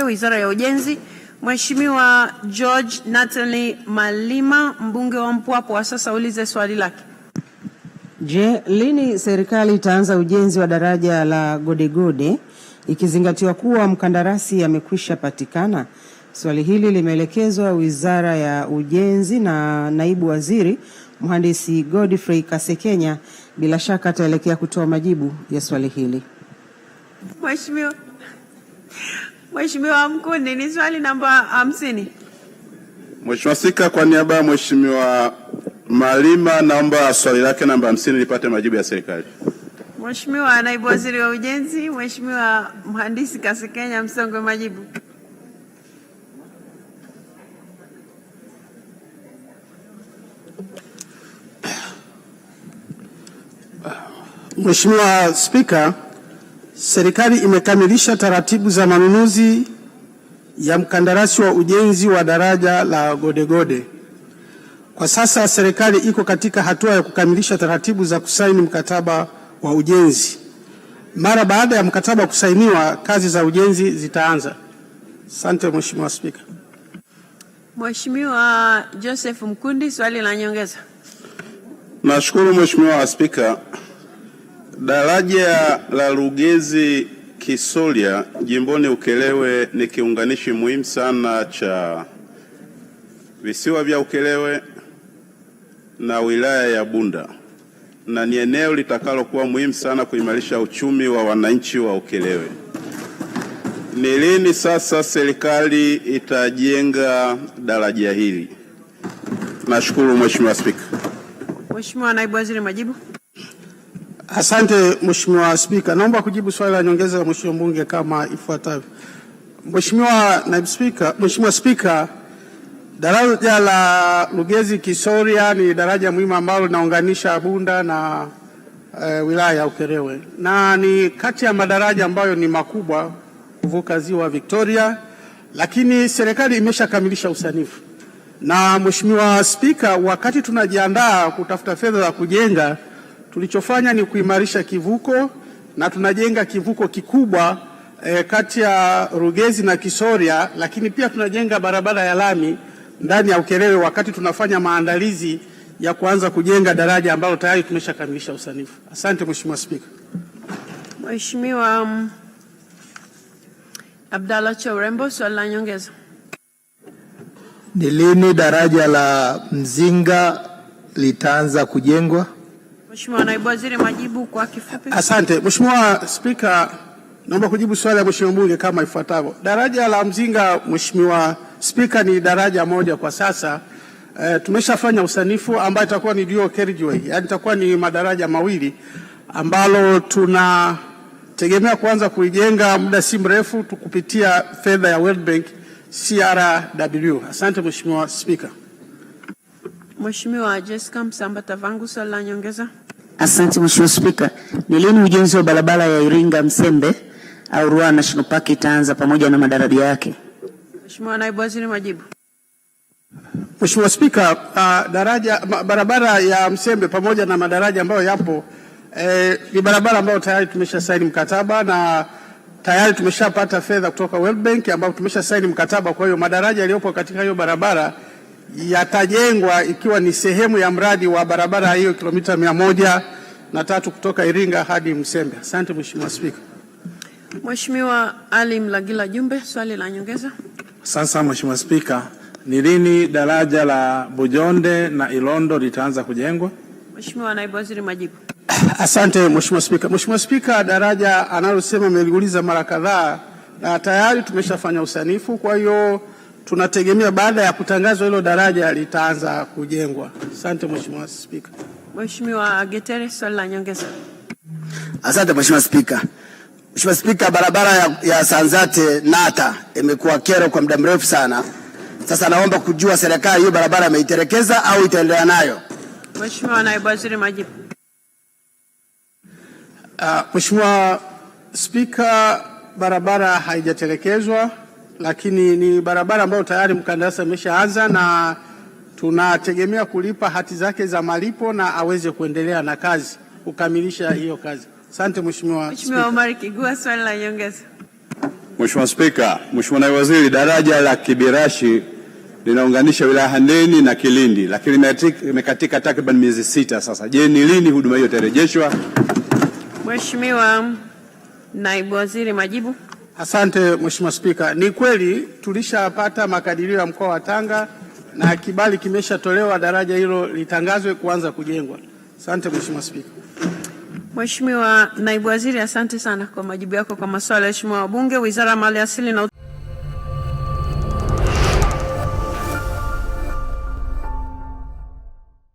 Nyeupe, Wizara ya Ujenzi, Mheshimiwa George Natalie Malima, mbunge wa Mpwapo, wa sasa ulize swali lake. Je, lini serikali itaanza ujenzi wa daraja la Godegode ikizingatiwa kuwa mkandarasi amekwisha patikana? Swali hili limeelekezwa Wizara ya Ujenzi na Naibu Waziri Mhandisi Godfrey Kasekenya, bila shaka ataelekea kutoa majibu ya swali hili. Mheshimiwa Mheshimiwa mkuni ni swali namba hamsini. Mheshimiwa Spika, kwa niaba ya Mheshimiwa Malima naomba swali lake namba hamsini lipate majibu ya serikali. Mheshimiwa Naibu Waziri wa Ujenzi, Mheshimiwa Mhandisi Kasekenya Msongwe, majibu. Mheshimiwa Spika Serikali imekamilisha taratibu za manunuzi ya mkandarasi wa ujenzi wa daraja la Godegode. Kwa sasa serikali iko katika hatua ya kukamilisha taratibu za kusaini mkataba wa ujenzi. Mara baada ya mkataba kusainiwa, kazi za ujenzi zitaanza. Asante Mheshimiwa Spika. Mheshimiwa Joseph Mkundi, swali la nyongeza. Nashukuru Mheshimiwa Spika. Daraja la Rugezi Kisolya jimboni Ukerewe ni kiunganishi muhimu sana cha visiwa vya Ukerewe na wilaya ya Bunda na ni eneo litakalokuwa muhimu sana kuimarisha uchumi wa wananchi wa Ukerewe. Ni lini sasa serikali itajenga daraja hili? Nashukuru Mheshimiwa Spika. Mheshimiwa Naibu Waziri, majibu. Asante Mheshimiwa Spika, naomba kujibu swali la nyongeza la Mheshimiwa mbunge kama ifuatavyo. Mheshimiwa Naibu Spika, Mheshimiwa Spika, daraja la lugezi Kisoria ni daraja muhimu ambalo linaunganisha Bunda na e, wilaya ya Ukerewe na ni kati ya madaraja ambayo ni makubwa kuvuka ziwa Victoria, lakini serikali imeshakamilisha usanifu. Na Mheshimiwa Spika, wakati tunajiandaa kutafuta fedha za kujenga Tulichofanya ni kuimarisha kivuko na tunajenga kivuko kikubwa eh, kati ya Rugezi na Kisoria, lakini pia tunajenga barabara ya lami ndani ya Ukerewe wakati tunafanya maandalizi ya kuanza kujenga daraja ambalo tayari tumeshakamilisha usanifu. Asante Mheshimiwa Spika. Mheshimiwa um, Abdalla Chaurembo, swali la nyongeza. Ni lini daraja la Mzinga litaanza kujengwa? Mheshimiwa Naibu Waziri, majibu kwa kifupi. Asante Mheshimiwa Spika, naomba kujibu swali la Mheshimiwa Mbunge kama ifuatavyo. Daraja la Mzinga, Mheshimiwa Spika, ni daraja moja kwa sasa. E, tumeshafanya usanifu ambayo itakuwa ni dual carriageway, yaani itakuwa ni madaraja mawili ambalo tunategemea kuanza kuijenga muda si mrefu kupitia fedha ya World Bank CRW. Asante Mheshimiwa Spika. Mheshimiwa Jessica Msambata Vangusa la nyongeza. Asante Mheshimiwa Spika, ni lini ujenzi wa barabara ya Iringa Msembe au Ruaha National Park itaanza pamoja na madaraja yake? Mheshimiwa Naibu Waziri, majibu. Mheshimiwa Spika, uh, daraja barabara ya Msembe pamoja na madaraja ambayo yapo eh, ni barabara ambayo tayari tumesha saini mkataba na tayari tumeshapata fedha kutoka World Bank ambapo tumesha saini mkataba. Kwa hiyo madaraja yaliyopo katika hiyo barabara yatajengwa ikiwa ni sehemu ya mradi wa barabara hiyo kilomita mia moja na tatu kutoka Iringa hadi Msembe. Asante Mheshimiwa Spika. Mheshimiwa Ali Mlagila Jumbe, swali la nyongeza. Sasa Mheshimiwa Spika, ni lini daraja la Bujonde na Ilondo litaanza kujengwa? Mheshimiwa Naibu Waziri, majibu. Asante Mheshimiwa Spika. Mheshimiwa Spika, daraja analosema ameliuliza mara kadhaa na tayari tumeshafanya usanifu, kwa hiyo tunategemea baada ya kutangazwa hilo daraja litaanza kujengwa. Asante Mheshimiwa Spika. Mheshimiwa Getere, swali la nyongeza. Asante Mheshimiwa Spika. Mheshimiwa Spika, barabara ya, ya Sanzate Nata imekuwa kero kwa muda mrefu sana. Sasa naomba kujua serikali hiyo barabara imeiterekeza au itaendelea nayo? Mheshimiwa Naibu Waziri, majibu. Uh, Mheshimiwa Spika, barabara haijatelekezwa lakini ni barabara ambayo tayari mkandarasi ameshaanza na tunategemea kulipa hati zake za malipo na aweze kuendelea na kazi kukamilisha hiyo kazi. Asante Mheshimiwa Mheshimiwa Omar Kigua, swali la nyongeza. Mheshimiwa Spika, Mheshimiwa Naibu Waziri, daraja la Kibirashi linaunganisha wilaya Handeni na Kilindi, lakini imekatika takriban miezi sita sasa. Je, ni lini huduma hiyo itarejeshwa? Mheshimiwa Naibu Waziri, majibu. Asante Mheshimiwa Spika, ni kweli tulishapata makadirio ya mkoa wa Tanga na kibali kimeshatolewa, daraja hilo litangazwe kuanza kujengwa. Asante Mheshimiwa Spika. Mheshimiwa Naibu Waziri, asante sana kwa majibu yako kwa maswali ya Mheshimiwa wabunge. Wizara ya Mali Asili na